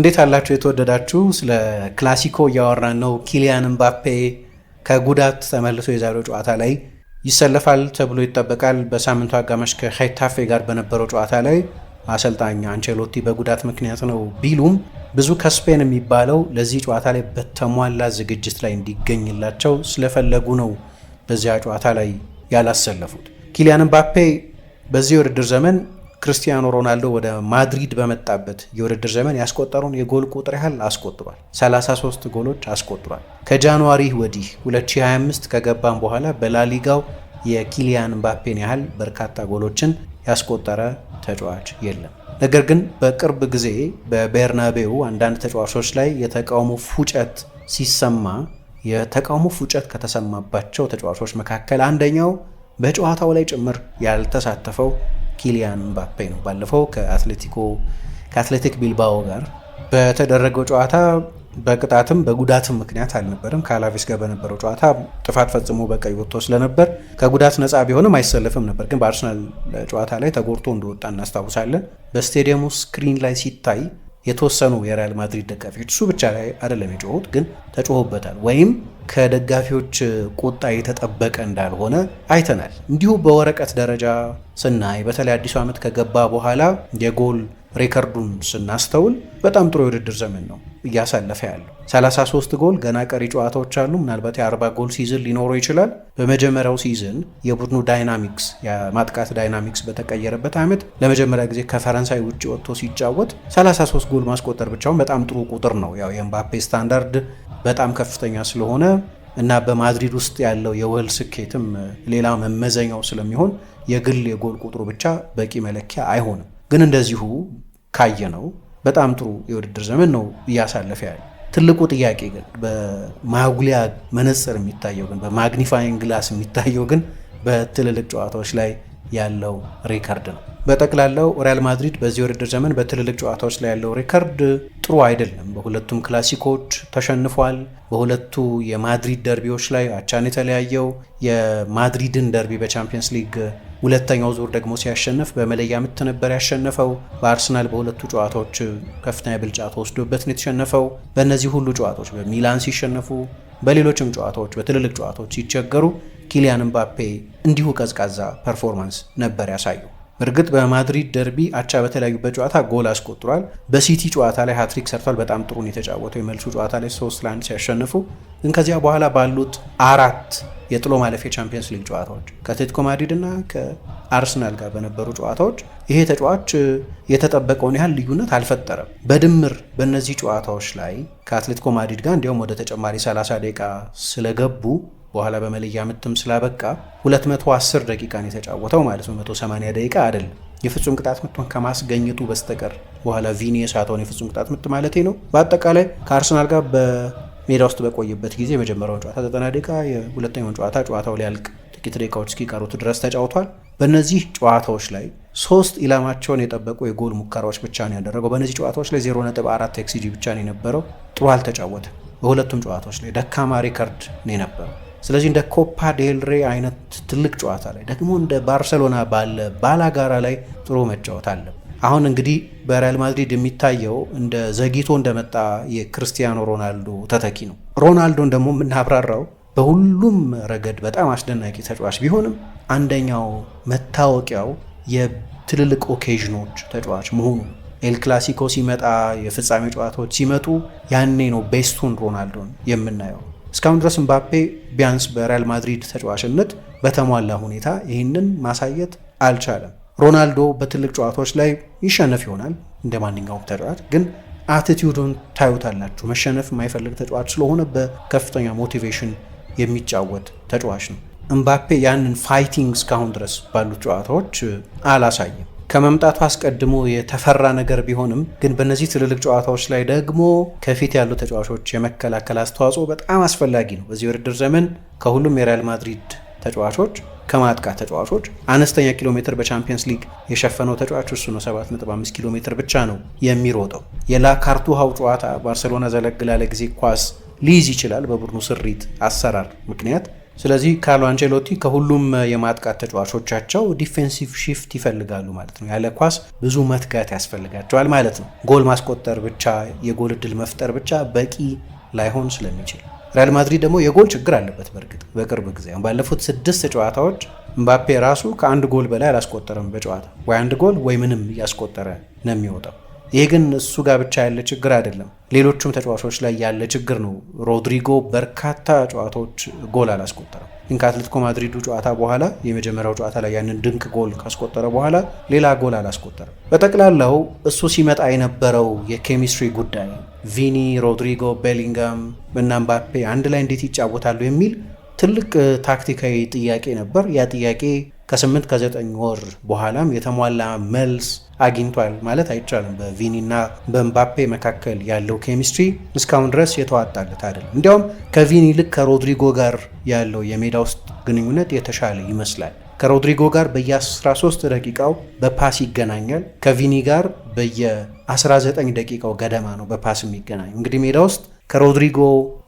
እንዴት አላችሁ የተወደዳችሁ? ስለ ክላሲኮ እያወራን ነው። ኪሊያን እምባፔ ከጉዳት ተመልሶ የዛሬው ጨዋታ ላይ ይሰለፋል ተብሎ ይጠበቃል። በሳምንቱ አጋማሽ ከሀይታፌ ጋር በነበረው ጨዋታ ላይ አሰልጣኝ አንቸሎቲ በጉዳት ምክንያት ነው ቢሉም ብዙ ከስፔን የሚባለው ለዚህ ጨዋታ ላይ በተሟላ ዝግጅት ላይ እንዲገኝላቸው ስለፈለጉ ነው በዚያ ጨዋታ ላይ ያላሰለፉት ኪሊያን ምባፔ በዚህ ውድድር ዘመን ክርስቲያኖ ሮናልዶ ወደ ማድሪድ በመጣበት የውድድር ዘመን ያስቆጠረውን የጎል ቁጥር ያህል አስቆጥሯል። 33 ጎሎች አስቆጥሯል። ከጃንዋሪ ወዲህ 2025 ከገባም በኋላ በላሊጋው የኪሊያን ምባፔን ያህል በርካታ ጎሎችን ያስቆጠረ ተጫዋች የለም። ነገር ግን በቅርብ ጊዜ በቤርናቤው አንዳንድ ተጫዋቾች ላይ የተቃውሞ ፉጨት ሲሰማ የተቃውሞ ፉጨት ከተሰማባቸው ተጫዋቾች መካከል አንደኛው በጨዋታው ላይ ጭምር ያልተሳተፈው ኪሊያን ምባፔ ነው። ባለፈው ከአትሌቲኮ ከአትሌቲክ ቢልባኦ ጋር በተደረገው ጨዋታ በቅጣትም በጉዳትም ምክንያት አልነበረም። ከአላቪስ ጋር በነበረው ጨዋታ ጥፋት ፈጽሞ በቀይ ወጥቶ ስለነበር ከጉዳት ነፃ ቢሆንም አይሰለፍም ነበር። ግን በአርሰናል ጨዋታ ላይ ተጎድቶ እንደወጣ እናስታውሳለን። በስቴዲየሙ ስክሪን ላይ ሲታይ የተወሰኑ የሪያል ማድሪድ ደጋፊዎች እሱ ብቻ ላይ አይደለም የጮሁት፣ ግን ተጮሆበታል ወይም ከደጋፊዎች ቁጣ የተጠበቀ እንዳልሆነ አይተናል። እንዲሁ በወረቀት ደረጃ ስናይ በተለይ አዲሱ ዓመት ከገባ በኋላ የጎል ሬከርዱን ስናስተውል በጣም ጥሩ የውድድር ዘመን ነው እያሳለፈ ያለው። 33 ጎል፣ ገና ቀሪ ጨዋታዎች አሉ። ምናልባት የ40 ጎል ሲዝን ሊኖረው ይችላል። በመጀመሪያው ሲዝን የቡድኑ ዳይናሚክስ የማጥቃት ዳይናሚክስ በተቀየረበት ዓመት ለመጀመሪያ ጊዜ ከፈረንሳይ ውጭ ወጥቶ ሲጫወት 33 ጎል ማስቆጠር ብቻውን በጣም ጥሩ ቁጥር ነው። ያው የምባፔ ስታንዳርድ በጣም ከፍተኛ ስለሆነ እና በማድሪድ ውስጥ ያለው የወል ስኬትም ሌላ መመዘኛው ስለሚሆን የግል የጎል ቁጥሩ ብቻ በቂ መለኪያ አይሆንም። ግን እንደዚሁ ካየ ነው በጣም ጥሩ የውድድር ዘመን ነው እያሳለፈ ያለ። ትልቁ ጥያቄ ግን በማጉሊያ መነጽር የሚታየው ግን በማግኒፋይንግ ግላስ የሚታየው ግን በትልልቅ ጨዋታዎች ላይ ያለው ሪከርድ ነው። በጠቅላላው ሪያል ማድሪድ በዚህ የውድድር ዘመን በትልልቅ ጨዋታዎች ላይ ያለው ሪከርድ ጥሩ አይደለም። በሁለቱም ክላሲኮች ተሸንፏል። በሁለቱ የማድሪድ ደርቢዎች ላይ አቻን የተለያየው የማድሪድን ደርቢ በቻምፒየንስ ሊግ ሁለተኛው ዙር ደግሞ ሲያሸንፍ በመለያ ምት ነበር ያሸነፈው። በአርሰናል በሁለቱ ጨዋታዎች ከፍተኛ ብልጫ ተወስዶበት ነው የተሸነፈው። በእነዚህ ሁሉ ጨዋታዎች በሚላን ሲሸነፉ፣ በሌሎችም ጨዋታዎች በትልልቅ ጨዋታዎች ሲቸገሩ ኪሊያን ምባፔ እንዲሁ ቀዝቃዛ ፐርፎርማንስ ነበር ያሳየው። እርግጥ በማድሪድ ደርቢ አቻ በተለያዩበት ጨዋታ ጎል አስቆጥሯል። በሲቲ ጨዋታ ላይ ሀትሪክ ሰርቷል። በጣም ጥሩን የተጫወተው የመልሱ ጨዋታ ላይ ሶስት ለአንድ ሲያሸንፉ ግን ከዚያ በኋላ ባሉት አራት የጥሎ ማለፍ የቻምፒየንስ ሊግ ጨዋታዎች ከአትሌቲኮ ማድሪድ እና ከአርሰናል ጋር በነበሩ ጨዋታዎች ይሄ ተጫዋች የተጠበቀውን ያህል ልዩነት አልፈጠረም። በድምር በእነዚህ ጨዋታዎች ላይ ከአትሌቲኮ ማድሪድ ጋር እንዲያውም ወደ ተጨማሪ 30 ደቂቃ ስለገቡ በኋላ በመለያ ምትም ስላበቃ 210 ደቂቃን የተጫወተው ማለት ነው። 180 ደቂቃ አይደለም። የፍጹም ቅጣት ምቱን ከማስገኘቱ በስተቀር በኋላ ቪኒ የሳተውን የፍጹም ቅጣት ምት ማለት ነው። በአጠቃላይ ከአርሰናል ጋር በሜዳ ውስጥ በቆየበት ጊዜ የመጀመሪያውን ጨዋታ 90 ደቂቃ፣ የሁለተኛውን ጨዋታ ጨዋታው ሊያልቅ ጥቂት ደቂቃዎች እስኪቀሩት ድረስ ተጫውቷል። በእነዚህ ጨዋታዎች ላይ ሶስት ኢላማቸውን የጠበቁ የጎል ሙከራዎች ብቻ ነው ያደረገው። በእነዚህ ጨዋታዎች ላይ 0.4 ኤክስጂ ብቻ ነው የነበረው። ጥሩ አልተጫወተ። በሁለቱም ጨዋታዎች ላይ ደካማ ሪከርድ ነው የነበረው። ስለዚህ እንደ ኮፓ ዴልሬ አይነት ትልቅ ጨዋታ ላይ ደግሞ እንደ ባርሰሎና ባለ ባላጋራ ላይ ጥሩ መጫወት አለ። አሁን እንግዲህ በሪያል ማድሪድ የሚታየው እንደ ዘግይቶ እንደመጣ የክርስቲያኖ ሮናልዶ ተተኪ ነው። ሮናልዶን ደግሞ የምናብራራው በሁሉም ረገድ በጣም አስደናቂ ተጫዋች ቢሆንም አንደኛው መታወቂያው የትልልቅ ኦኬዥኖች ተጫዋች መሆኑ ኤል ክላሲኮ ሲመጣ፣ የፍጻሜ ጨዋታዎች ሲመጡ ያኔ ነው ቤስቱን ሮናልዶን የምናየው። እስካሁን ድረስ እምባፔ ቢያንስ በሪያል ማድሪድ ተጫዋችነት በተሟላ ሁኔታ ይህንን ማሳየት አልቻለም። ሮናልዶ በትልቅ ጨዋታዎች ላይ ይሸነፍ ይሆናል እንደ ማንኛውም ተጫዋች ግን አትቲዩዱን ታዩታላችሁ። መሸነፍ የማይፈልግ ተጫዋች ስለሆነ በከፍተኛ ሞቲቬሽን የሚጫወት ተጫዋች ነው። እምባፔ ያንን ፋይቲንግ እስካሁን ድረስ ባሉት ጨዋታዎች አላሳየም። ከመምጣቱ አስቀድሞ የተፈራ ነገር ቢሆንም ግን በእነዚህ ትልልቅ ጨዋታዎች ላይ ደግሞ ከፊት ያሉ ተጫዋቾች የመከላከል አስተዋጽኦ በጣም አስፈላጊ ነው። በዚህ ውድድር ዘመን ከሁሉም የሪያል ማድሪድ ተጫዋቾች ከማጥቃት ተጫዋቾች አነስተኛ ኪሎ ሜትር በቻምፒየንስ ሊግ የሸፈነው ተጫዋች እሱ ነው። 7.5 ኪሎ ሜትር ብቻ ነው የሚሮጠው። ሀው ጨዋታ ባርሴሎና ዘለግ ላለ ጊዜ ኳስ ሊይዝ ይችላል በቡድኑ ስሪት አሰራር ምክንያት ስለዚህ ካርሎ አንቸሎቲ ከሁሉም የማጥቃት ተጫዋቾቻቸው ዲፌንሲቭ ሺፍት ይፈልጋሉ ማለት ነው። ያለ ኳስ ብዙ መትጋት ያስፈልጋቸዋል ማለት ነው። ጎል ማስቆጠር ብቻ፣ የጎል እድል መፍጠር ብቻ በቂ ላይሆን ስለሚችል ሪያል ማድሪድ ደግሞ የጎል ችግር አለበት። በእርግጥ በቅርብ ጊዜ ባለፉት ስድስት ጨዋታዎች እምባፔ ራሱ ከአንድ ጎል በላይ አላስቆጠረም በጨዋታ ወይ አንድ ጎል ወይ ምንም እያስቆጠረ ነው የሚወጣው። ይሄ ግን እሱ ጋር ብቻ ያለ ችግር አይደለም፣ ሌሎቹም ተጫዋቾች ላይ ያለ ችግር ነው። ሮድሪጎ በርካታ ጨዋታዎች ጎል አላስቆጠረም። ግን ከአትሌቲኮ ማድሪዱ ጨዋታ በኋላ የመጀመሪያው ጨዋታ ላይ ያንን ድንቅ ጎል ካስቆጠረ በኋላ ሌላ ጎል አላስቆጠረም። በጠቅላላው እሱ ሲመጣ የነበረው የኬሚስትሪ ጉዳይ ቪኒ፣ ሮድሪጎ፣ ቤሊንጋም እና ምባፔ አንድ ላይ እንዴት ይጫወታሉ የሚል ትልቅ ታክቲካዊ ጥያቄ ነበር። ያ ጥያቄ ከስምንት ከዘጠኝ ወር በኋላም የተሟላ መልስ አግኝቷል ማለት አይቻልም። በቪኒና በምባፔ መካከል ያለው ኬሚስትሪ እስካሁን ድረስ የተዋጣለት አይደለም። እንዲያውም ከቪኒ ልክ ከሮድሪጎ ጋር ያለው የሜዳ ውስጥ ግንኙነት የተሻለ ይመስላል። ከሮድሪጎ ጋር በየ13 ደቂቃው በፓስ ይገናኛል። ከቪኒ ጋር በየ19 ደቂቃው ገደማ ነው በፓስ የሚገናኙ። እንግዲህ ሜዳ ውስጥ ከሮድሪጎ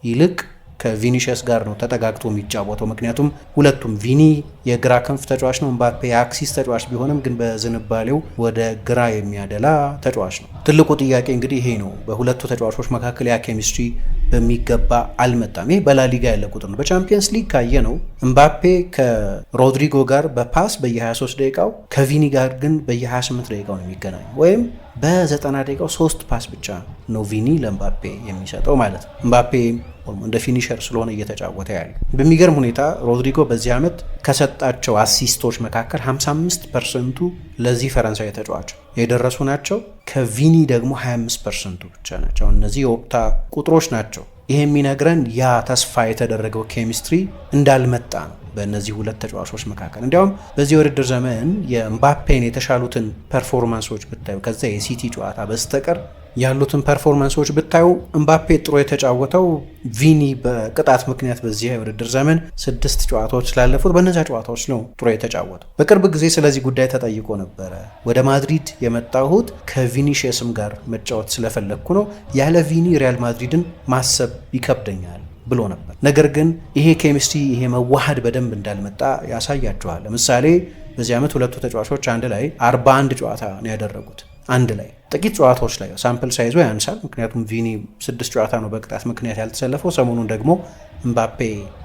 ይልቅ ከቪኒሸስ ጋር ነው ተጠጋግቶ የሚጫወተው። ምክንያቱም ሁለቱም ቪኒ የግራ ክንፍ ተጫዋች ነው፣ ምባፔ የአክሲስ ተጫዋች ቢሆንም ግን በዝንባሌው ወደ ግራ የሚያደላ ተጫዋች ነው። ትልቁ ጥያቄ እንግዲህ ይሄ ነው። በሁለቱ ተጫዋቾች መካከል ያ ኬሚስትሪ በሚገባ አልመጣም። ይህ በላሊጋ ያለ ቁጥር ነው። በቻምፒየንስ ሊግ ካየ ነው እምባፔ ከሮድሪጎ ጋር በፓስ በየ23 ደቂቃው ከቪኒ ጋር ግን በየ28 ደቂቃው ነው የሚገናኙ ወይም በዘጠና ደቂቃው ሶስት ፓስ ብቻ ነው ቪኒ ለምባፔ የሚሰጠው ማለት ነው። ምባፔ እንደ ፊኒሸር ስለሆነ እየተጫወተ ያለ። በሚገርም ሁኔታ ሮድሪጎ በዚህ ዓመት ከሰጣቸው አሲስቶች መካከል 55 ፐርሰንቱ ለዚህ ፈረንሳዊ ተጫዋች የደረሱ ናቸው። ከቪኒ ደግሞ 25 ፐርሰንቱ ብቻ ናቸው። እነዚህ የኦፕታ ቁጥሮች ናቸው። ይህ የሚነግረን ያ ተስፋ የተደረገው ኬሚስትሪ እንዳልመጣ ነው። በእነዚህ ሁለት ተጫዋቾች መካከል እንዲያውም በዚህ ውድድር ዘመን የምባፔን የተሻሉትን ፐርፎርማንሶች ብታዩ ከዛ የሲቲ ጨዋታ በስተቀር ያሉትን ፐርፎርማንሶች ብታዩ እምባፔ ጥሩ የተጫወተው ቪኒ በቅጣት ምክንያት በዚህ የውድድር ዘመን ስድስት ጨዋታዎች ስላለፉት በእነዚያ ጨዋታዎች ነው ጥሩ የተጫወተው። በቅርብ ጊዜ ስለዚህ ጉዳይ ተጠይቆ ነበረ። ወደ ማድሪድ የመጣሁት ከቪኒሽየስም ጋር መጫወት ስለፈለግኩ ነው። ያለ ቪኒ ሪያል ማድሪድን ማሰብ ይከብደኛል ብሎ ነበር። ነገር ግን ይሄ ኬሚስትሪ ይሄ መዋሃድ በደንብ እንዳልመጣ ያሳያቸዋል። ለምሳሌ በዚህ ዓመት ሁለቱ ተጫዋቾች አንድ ላይ 41 ጨዋታ ነው ያደረጉት። አንድ ላይ ጥቂት ጨዋታዎች ላይ ሳምፕል ሳይዞ ያንሳል። ምክንያቱም ቪኒ ስድስት ጨዋታ ነው በቅጣት ምክንያት ያልተሰለፈው። ሰሞኑን ደግሞ እምባፔ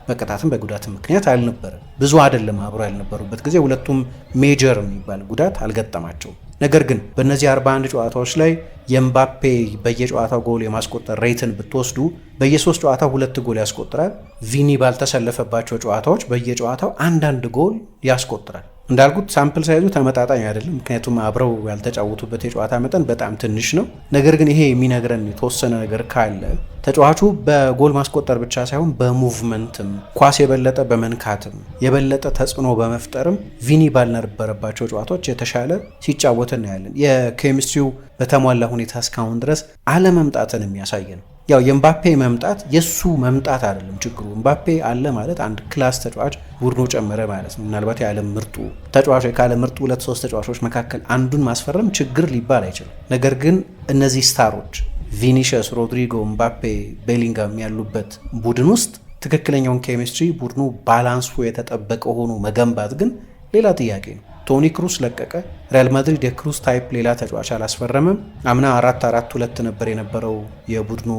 በቅጣትም በጉዳትም ምክንያት አልነበረም። ብዙ አይደለም አብሮ ያልነበሩበት ጊዜ ሁለቱም ሜጀር የሚባል ጉዳት አልገጠማቸውም። ነገር ግን በእነዚህ 41 ጨዋታዎች ላይ የኤምባፔ በየጨዋታው ጎል የማስቆጠር ሬትን ብትወስዱ በየሶስት ጨዋታ ሁለት ጎል ያስቆጥራል። ቪኒ ባልተሰለፈባቸው ጨዋታዎች በየጨዋታው አንዳንድ ጎል ያስቆጥራል። እንዳልኩት ሳምፕል ሳይዙ ተመጣጣኝ አይደለም፣ ምክንያቱም አብረው ያልተጫወቱበት የጨዋታ መጠን በጣም ትንሽ ነው። ነገር ግን ይሄ የሚነግረን የተወሰነ ነገር ካለ ተጫዋቹ በጎል ማስቆጠር ብቻ ሳይሆን በሙቭመንትም ኳስ የበለጠ በመንካትም የበለጠ ተጽዕኖ በመፍጠርም ቪኒ ባልነበረባቸው ጨዋታዎች የተሻለ ሲጫወት እናያለን። የኬሚስትሪው በተሟላ ሁኔታ እስካሁን ድረስ አለመምጣትን የሚያሳይ ነው። ያው የምባፔ መምጣት የእሱ መምጣት አይደለም ችግሩ። ኤምባፔ አለ ማለት አንድ ክላስ ተጫዋች ቡድኑ ጨመረ ማለት ነው። ምናልባት የዓለም ምርጡ ተጫዋች ከዓለም ምርጡ ሁለት ሶስት ተጫዋቾች መካከል አንዱን ማስፈረም ችግር ሊባል አይችልም። ነገር ግን እነዚህ ስታሮች ቪኒሽስ፣ ሮድሪጎ፣ ኤምባፔ፣ ቤሊንጋም ያሉበት ቡድን ውስጥ ትክክለኛውን ኬሚስትሪ ቡድኑ ባላንሱ የተጠበቀ ሆኖ መገንባት ግን ሌላ ጥያቄ ነው። ቶኒ ክሩስ ለቀቀ። ሪያል ማድሪድ የክሩስ ታይፕ ሌላ ተጫዋች አላስፈረምም። አምና አራት አራት ሁለት ነበር የነበረው የቡድኑ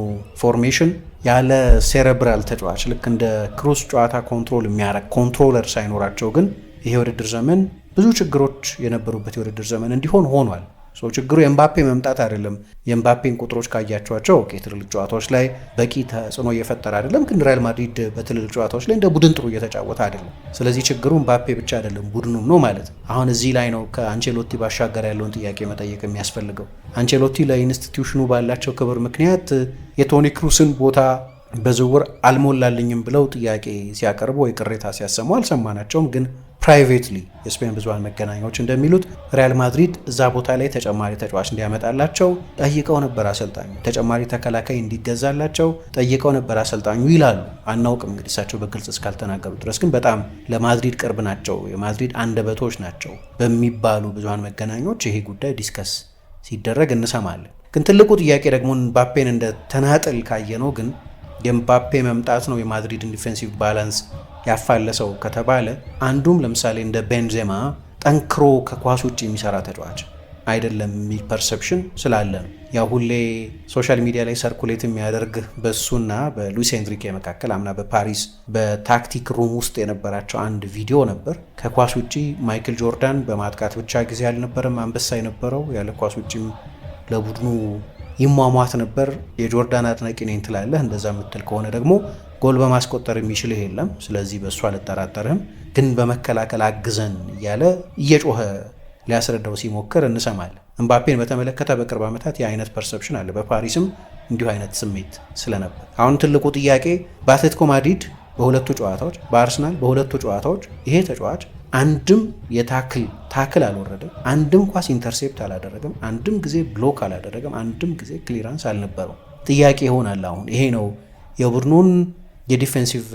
ፎርሜሽን ያለ ሴሬብራል ተጫዋች ልክ እንደ ክሩስ ጨዋታ ኮንትሮል የሚያረግ ኮንትሮለር ሳይኖራቸው ግን ይሄ የውድድር ዘመን ብዙ ችግሮች የነበሩበት የውድድር ዘመን እንዲሆን ሆኗል። ችግሩ የምባፔ መምጣት አይደለም። የምባፔን ቁጥሮች ካያቸዋቸው ትልል ጨዋታዎች ላይ በቂ ተጽዕኖ እየፈጠረ አይደለም፣ ግን ሪያል ማድሪድ በትልልቅ ጨዋታዎች ላይ እንደ ቡድን ጥሩ እየተጫወተ አይደለም። ስለዚህ ችግሩ ምባፔ ብቻ አይደለም ቡድኑም ነው ማለት አሁን እዚህ ላይ ነው ከአንቸሎቲ ባሻገር ያለውን ጥያቄ መጠየቅ የሚያስፈልገው። አንቸሎቲ ለኢንስቲትዩሽኑ ባላቸው ክብር ምክንያት የቶኒ ክሩስን ቦታ በዝውውር አልሞላልኝም ብለው ጥያቄ ሲያቀርቡ ወይ ቅሬታ ሲያሰሙ አልሰማናቸውም ግን ፕራይቬትሊ የስፔን ብዙሃን መገናኛዎች እንደሚሉት ሪያል ማድሪድ እዛ ቦታ ላይ ተጨማሪ ተጫዋች እንዲያመጣላቸው ጠይቀው ነበር አሰልጣኙ። ተጨማሪ ተከላካይ እንዲገዛላቸው ጠይቀው ነበር አሰልጣኙ ይላሉ። አናውቅም እንግዲህ እሳቸው በግልጽ እስካልተናገሩ ድረስ ግን በጣም ለማድሪድ ቅርብ ናቸው፣ የማድሪድ አንደበቶች ናቸው በሚባሉ ብዙሃን መገናኞች ይሄ ጉዳይ ዲስከስ ሲደረግ እንሰማለን። ግን ትልቁ ጥያቄ ደግሞ ምባፔን እንደ ተናጥል ካየ ነው ግን የምባፔ መምጣት ነው የማድሪድን ዲፌንሲቭ ባላንስ ያፋለሰው ከተባለ አንዱም ለምሳሌ እንደ ቤንዜማ ጠንክሮ ከኳስ ውጭ የሚሰራ ተጫዋች አይደለም የሚል ፐርሰፕሽን ስላለ ነው። ያው ሁሌ ሶሻል ሚዲያ ላይ ሰርኩሌት የሚያደርግ በእሱና በሉዊስ ኤንሪኬ መካከል አምና በፓሪስ በታክቲክ ሩም ውስጥ የነበራቸው አንድ ቪዲዮ ነበር። ከኳስ ውጭ ማይክል ጆርዳን በማጥቃት ብቻ ጊዜ አልነበረም አንበሳ የነበረው ያለ ኳስ ውጭም ለቡድኑ ይሟሟት ነበር። የጆርዳን አድናቂ ነኝ ትላለህ። እንደዛ የምትል ከሆነ ደግሞ ጎል በማስቆጠር የሚችልህ የለም። ስለዚህ በእሱ አልጠራጠርህም። ግን በመከላከል አግዘን እያለ እየጮኸ ሊያስረዳው ሲሞክር እንሰማል። እምባፔን በተመለከተ በቅርብ ዓመታት የአይነት ፐርሰፕሽን አለ። በፓሪስም እንዲሁ አይነት ስሜት ስለነበር አሁን ትልቁ ጥያቄ በአትሌቲኮ ማድሪድ በሁለቱ ጨዋታዎች፣ በአርሰናል በሁለቱ ጨዋታዎች ይሄ ተጫዋች አንድም የታክል ታክል አልወረደም። አንድም ኳስ ኢንተርሴፕት አላደረገም። አንድም ጊዜ ብሎክ አላደረገም። አንድም ጊዜ ክሊራንስ አልነበረው። ጥያቄ ይሆናል አሁን ይሄ ነው የቡድኑን የዲፌንሲቭ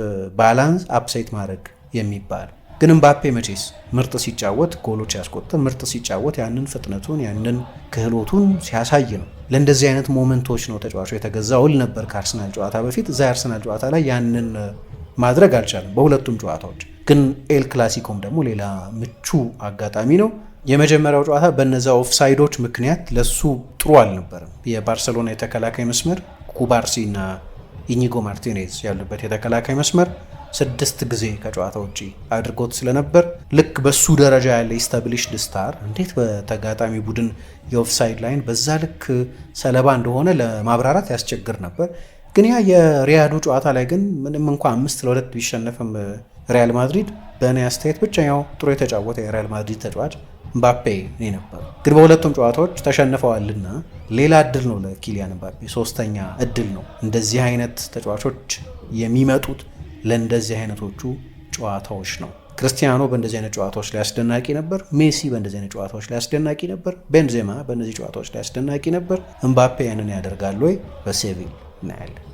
ባላንስ አፕሴት ማድረግ የሚባል ግን ምባፔ መቼስ ምርጥ ሲጫወት ጎሎች ሲያስቆጥር ምርጥ ሲጫወት ያንን ፍጥነቱን ያንን ክህሎቱን ሲያሳይ ነው። ለእንደዚህ አይነት ሞመንቶች ነው ተጫዋቹ የተገዛ ውል ነበር ከአርሰናል ጨዋታ በፊት እዛ የአርሰናል ጨዋታ ላይ ያንን ማድረግ አልቻለም በሁለቱም ጨዋታዎች። ግን ኤል ክላሲኮም ደግሞ ሌላ ምቹ አጋጣሚ ነው። የመጀመሪያው ጨዋታ በነዛ ኦፍሳይዶች ምክንያት ለሱ ጥሩ አልነበረም። የባርሰሎና የተከላካይ መስመር ኩባርሲ እና ኢኒጎ ማርቲኔዝ ያሉበት የተከላካይ መስመር ስድስት ጊዜ ከጨዋታ ውጪ አድርጎት ስለነበር ልክ በሱ ደረጃ ያለ ኢስታብሊሽድ ስታር እንዴት በተጋጣሚ ቡድን የኦፍሳይድ ላይን በዛ ልክ ሰለባ እንደሆነ ለማብራራት ያስቸግር ነበር። ግን ያ የሪያዱ ጨዋታ ላይ ግን ምንም እንኳ አምስት ለሁለት ቢሸነፍም ሪያል ማድሪድ በእኔ አስተያየት ብቸኛው ጥሩ የተጫወተ የሪያል ማድሪድ ተጫዋች ምባፔ ነበር። ግን በሁለቱም ጨዋታዎች ተሸንፈዋልና ሌላ እድል ነው ለኪሊያን ምባፔ ሶስተኛ እድል ነው። እንደዚህ አይነት ተጫዋቾች የሚመጡት ለእንደዚህ አይነቶቹ ጨዋታዎች ነው። ክርስቲያኖ በእንደዚህ አይነት ጨዋታዎች ላይ አስደናቂ ነበር። ሜሲ በእንደዚህ አይነት ጨዋታዎች ላይ አስደናቂ ነበር። ቤንዜማ በእነዚህ ጨዋታዎች ላይ አስደናቂ ነበር። እምባፔ ያንን ያደርጋል ወይ በሴቪል Nile.